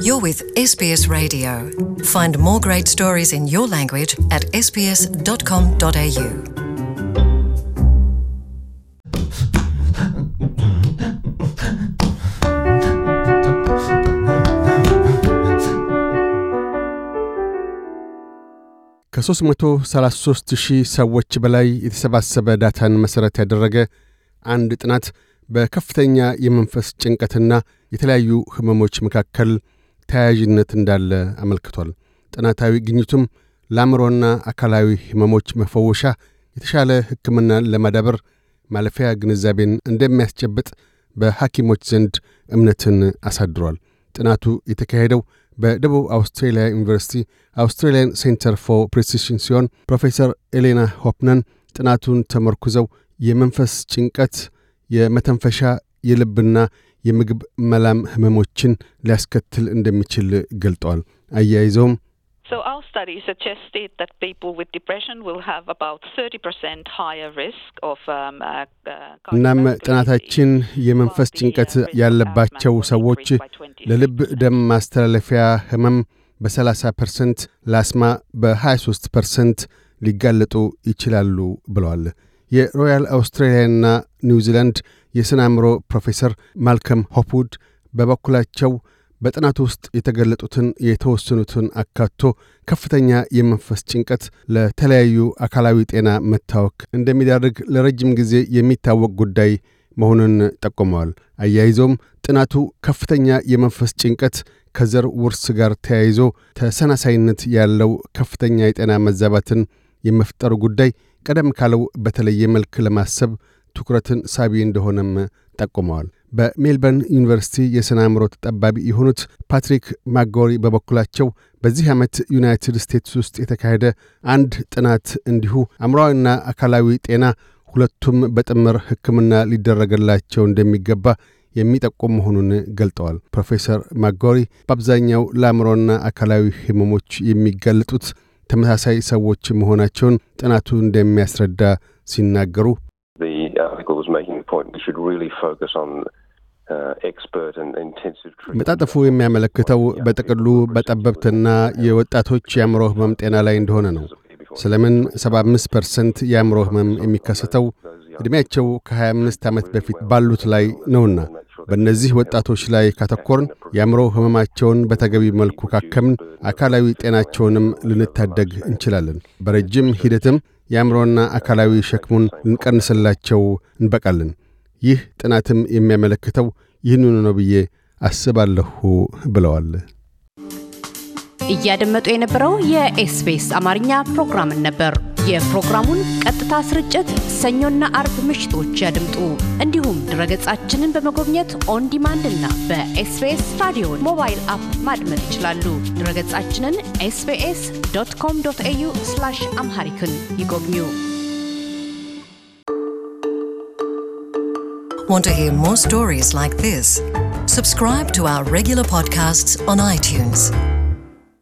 You're with SBS Radio. Find more great stories in your language at sbs.com.au. ከ333 ሺህ ሰዎች በላይ የተሰባሰበ ዳታን መሠረት ያደረገ አንድ ጥናት በከፍተኛ የመንፈስ ጭንቀትና የተለያዩ ህመሞች መካከል ተያያዥነት እንዳለ አመልክቷል። ጥናታዊ ግኝቱም ለአእምሮና አካላዊ ህመሞች መፈወሻ የተሻለ ሕክምና ለማዳበር ማለፊያ ግንዛቤን እንደሚያስጨብጥ በሐኪሞች ዘንድ እምነትን አሳድሯል። ጥናቱ የተካሄደው በደቡብ አውስትሬልያ ዩኒቨርሲቲ አውስትሬልያን ሴንተር ፎር ፕሪሲሽን ሲሆን ፕሮፌሰር ኤሌና ሆፕነን ጥናቱን ተመርኩዘው የመንፈስ ጭንቀት፣ የመተንፈሻ፣ የልብና የምግብ መላም ህመሞችን ሊያስከትል እንደሚችል ገልጠዋል። አያይዘውም um, uh, uh, እናም ጥናታችን የመንፈስ ጭንቀት uh, ያለባቸው ሰዎች ለልብ ደም ማስተላለፊያ ህመም በ30 ፐርሰንት፣ ለአስማ በ23 ፐርሰንት ሊጋለጡ ይችላሉ ብለዋል። የሮያል አውስትራሊያና ኒውዚላንድ የሥነ አእምሮ ፕሮፌሰር ማልከም ሆፕውድ በበኩላቸው በጥናት ውስጥ የተገለጡትን የተወሰኑትን አካቶ ከፍተኛ የመንፈስ ጭንቀት ለተለያዩ አካላዊ ጤና መታወክ እንደሚዳርግ ለረጅም ጊዜ የሚታወቅ ጉዳይ መሆኑን ጠቁመዋል። አያይዞም ጥናቱ ከፍተኛ የመንፈስ ጭንቀት ከዘር ውርስ ጋር ተያይዞ ተሰናሳይነት ያለው ከፍተኛ የጤና መዛባትን የመፍጠሩ ጉዳይ ቀደም ካለው በተለየ መልክ ለማሰብ ትኩረትን ሳቢ እንደሆነም ጠቁመዋል። በሜልበርን ዩኒቨርሲቲ የሥነ አእምሮ ተጠባቢ የሆኑት ፓትሪክ ማጎሪ በበኩላቸው በዚህ ዓመት ዩናይትድ ስቴትስ ውስጥ የተካሄደ አንድ ጥናት እንዲሁ አእምሮዊና አካላዊ ጤና ሁለቱም በጥምር ሕክምና ሊደረገላቸው እንደሚገባ የሚጠቁም መሆኑን ገልጠዋል። ፕሮፌሰር ማጎሪ በአብዛኛው ለአእምሮና አካላዊ ህመሞች የሚጋለጡት ተመሳሳይ ሰዎች መሆናቸውን ጥናቱ እንደሚያስረዳ ሲናገሩ መጣጠፉ uh, የሚያመለክተው በጥቅሉ በጠበብትና የወጣቶች የአእምሮ ህመም ጤና ላይ እንደሆነ ነው። ስለምን 75 ፐርሰንት የአእምሮ ህመም የሚከሰተው ዕድሜያቸው ከ25 ዓመት በፊት ባሉት ላይ ነውና በእነዚህ ወጣቶች ላይ ካተኮርን የአእምሮ ህመማቸውን በተገቢ መልኩ ካከምን አካላዊ ጤናቸውንም ልንታደግ እንችላለን። በረጅም ሂደትም የአእምሮና አካላዊ ሸክሙን ልንቀንስላቸው እንበቃለን። ይህ ጥናትም የሚያመለክተው ይህንኑ ነው ብዬ አስባለሁ ብለዋል። እያደመጡ የነበረው የኤስቢኤስ አማርኛ ፕሮግራምን ነበር። የፕሮግራሙን ቀጥታ ስርጭት ሰኞና አርብ ምሽቶች ያድምጡ። እንዲሁም ድረገጻችንን በመጎብኘት ኦን ዲማንድ እና በኤስቤስ ራዲዮ ሞባይል አፕ ማድመጥ ይችላሉ። ድረገጻችንን ኤስቤስ ዶት ኮም ዶት ኤዩ አምሃሪክን ይጎብኙ። Want to hear more stories like this? Subscribe to our regular podcasts on iTunes.